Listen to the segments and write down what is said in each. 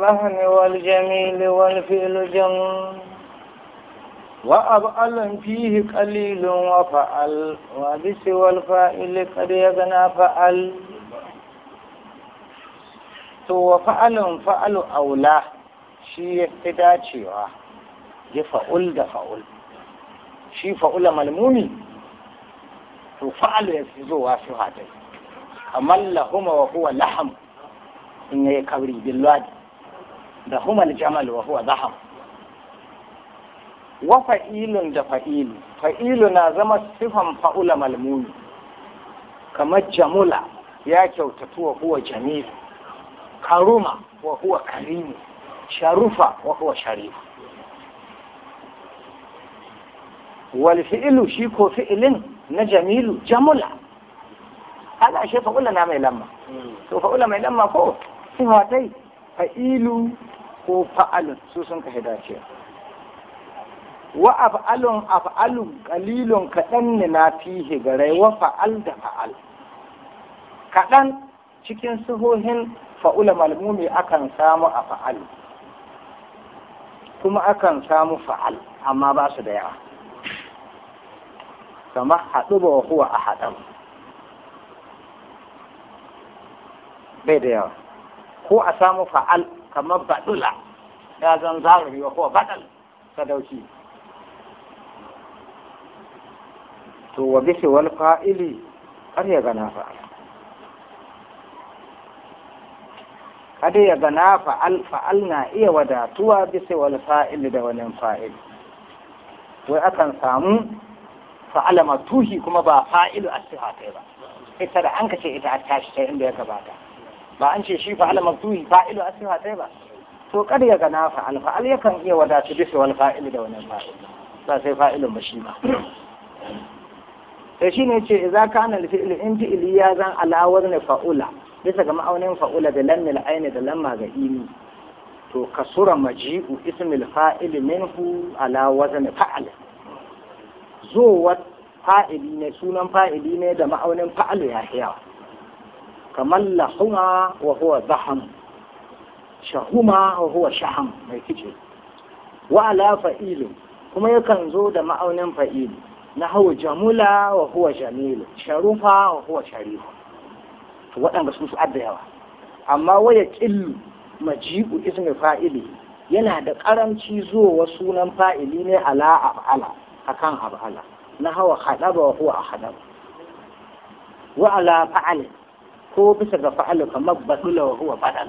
الفهم والجميل والفعل جم وأبعل فيه قليل وفعل وبسوى الفائل قد يغنى فعل تو فعل فعل أولى shi ya fi dacewa ya fa'ul da fa'ul shi fa'ula malmumi to fa'al ya fi zowa su hatai kamar wa laham in yi ladi da huma jamal wa huwa zahab wa fa'ilun da fa'ilu fa'ilu na zama sifan fa'ula malmuni kamar jamula ya kyautatu wa huwa jamil karuma wa huwa karim sharufa wa huwa sharif wal fi'lu shi ko fi'lin na jamilu jamula ala shi fa'ula na mai lamma to fa'ula mai lamma ko sifatai fa'ilu ko fa'alun su sun ka hidace wa af'alun af'alun kalilun kaɗan ne na fihi garai wa fa'al da fa'al kaɗan cikin suhohin fa'ula malmumi akan samu a fa'al kuma akan samu fa'al amma ba su da yawa kama haɗu ba huwa a haɗan bai da yawa ko a samu fa'al kamar baɗula ya zan yi wa ko baɗal dauki to wa bishi wal fa'ili kar ya gana fa'al kada ya gana fa'al fa'al na iya wadatuwa bisa wal fa'il da wani fa'il wai akan samu fa'ala matuhi kuma ba fa'ilu a siha ba ita da an kace ita a tashi ta inda ya gabata ba an ce shi fa'ala maftuhi fa'ilu asifa sai ba to kada ya gana fa'al fa'al yakan iya wadatu bisa wal fa'il da wannan fa'il ba sai fa'ilun ba shi ba sai shine ce idza kana al fi'lu in fi'li ya zan alawar ne fa'ula bisa ga ma'aunin fa'ula da lammil aini da lamma ga ini to kasura maji'u ismil fa'il minhu ala wazn fa'al zo wat fa'ili ne sunan fa'ili ne da ma'aunin fa'al ya yawa kamar lahuma wa huwa zaham shahuma wa huwa shaham mai kice wa ala fa'ilu kuma yakan zo da ma'aunin fa'ilu na hawa jamula wa huwa jamilu sharufa wa huwa sharifa to waɗanda su su adda yawa amma waya ƙillu maji'u ismi fa'ili yana da ƙaranci zuwa sunan fa'ili ne ala af'ala akan af'ala na hawa khadaba wa huwa a wa ala fa'ali ko bisa ga fa'alu kamar badula wa huwa badal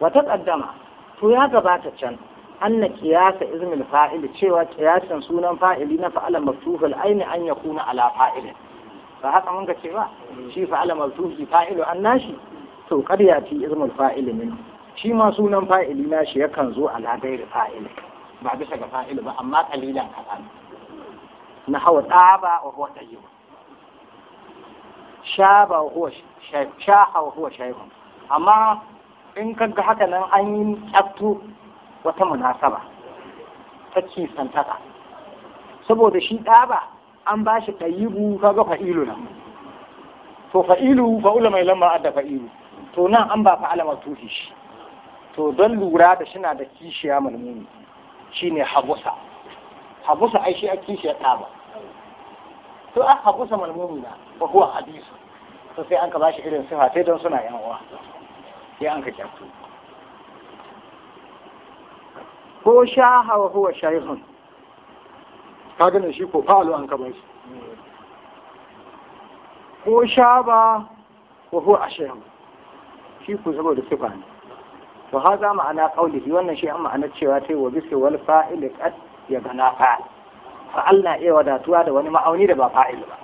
Wata taqaddama to ya gabata can na ƙiyasa izinin fa’ili cewa qiyasan sunan fa'ili na fa'ala maftuhul aini an kuna ala fa'ilin ba haka mun ga cewa shi fa'ala maftuhi fa'ilu an nashi to qadiya ci izmul fa'ili min shi ma sunan fa'ili nashi yakan zo ala gairi fa'ili ba bisa ga fa'ili ba amma kalilan kaɗan na hawa ɗaba wa huwa shaba wa huwa shaha wa amma in ka ga haka nan an yi tsaftu wata munasaba ta kisantaka saboda shi ɗaba an ba shi ɗayibu kaga fa'ilu nan to fa'ilu fa'ula mai lamba da fa'ilu to nan an ba fa'ala tufi shi to don lura da shi na da kishiya mulmuni shine habusa habusa ai shi a kishiya ɗaba to a haƙusa malmumina ba kuwa hadisu to sai an ka bashi irin sifa sai don suna yan uwa sai an ka kyautu ko sha hawa huwa shaykhun ka gane shi ko falo an ka bashi ko sha ba wa huwa ashayan shi ku saboda sifa ne to haza ma'ana qaulihi wannan shi an ma'anar cewa tai wa bisu wal fa'il qad ya fa'il fa Allah iya wadatuwa da wani ma'auni da ba fa'il ba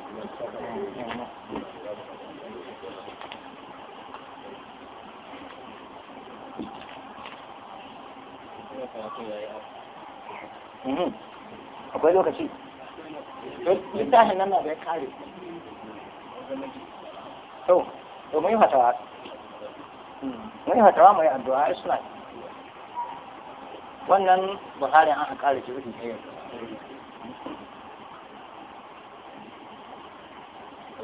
akwai lokaci littafin nan na da kare to to mun yi fatawa mun yi fatawa mai addu'a ai suna wannan buhari an kare shi ɗaya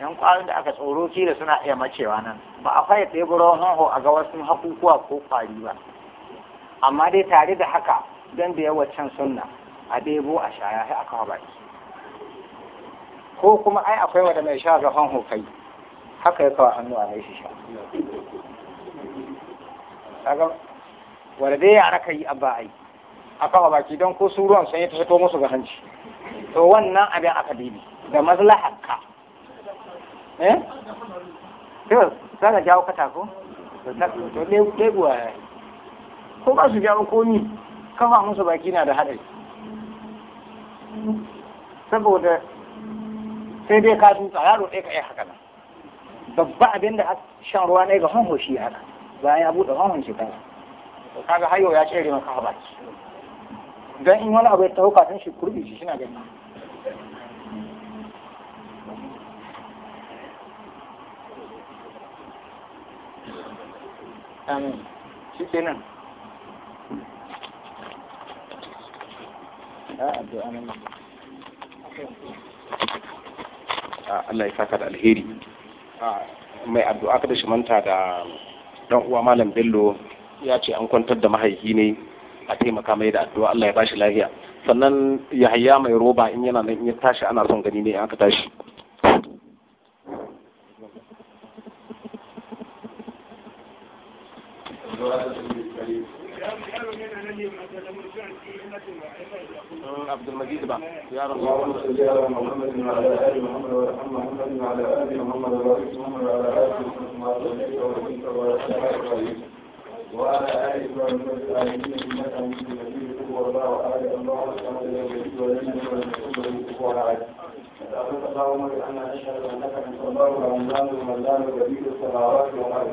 yan ƙwarin da aka tsoro da suna iya macewa nan ba a faye teburon hanho a ga wasu hakukuwa ko kwari ba amma dai tare da haka don da can sunna a debo a shaya sai aka baki ko kuma ai akwai wanda mai sha ga hanho kai haka ya kawo hannu a mai shi sha wanda dai yara ka yi abba ai a kawo baki don ko su ruwan sun yi ta fito musu ga hanci to wannan abin aka dibi da maslahar ka eh to za ka jawo katako to leguwa ya eh. ko ba su jawo komi kafa musu baki na da haɗari saboda sai dai ka dutsa yaro ɗaya ka yi haka nan babba abin da shan ruwa ɗaya ga hanho shi haka bayan ya buɗe hanhon shi kan kaga hayo ya tsere maka habaki don in wani abu ya taho kafin shi kurbi shi shi na gani amin shi Allah ya saka da alheri mai addu'a kada shi manta da dan uwa malam bello ya ce an kwantar da mahaifi ne a taimaka mai da addu'a Allah ya bashi lafiya sannan yahaya mai roba in yana nan in ya tashi ana son gani ne in aka tashi عبد المجيد بقى يا رب اللهم صل على محمد وعلى ال محمد وارحم محمد وعلى ال محمد وبارك محمد وعلى ال محمد وعلى ال وعلى ال ابراهيم محمد وعلى مجيد محمد وعلى محمد اللهم صل على النبي ولنا محمد وعلى اللهم اجعلنا نشهد انك وعلى الله محمد رمضان وبديل السماوات والارض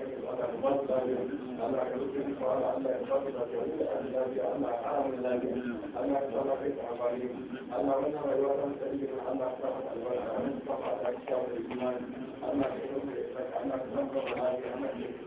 Allah ya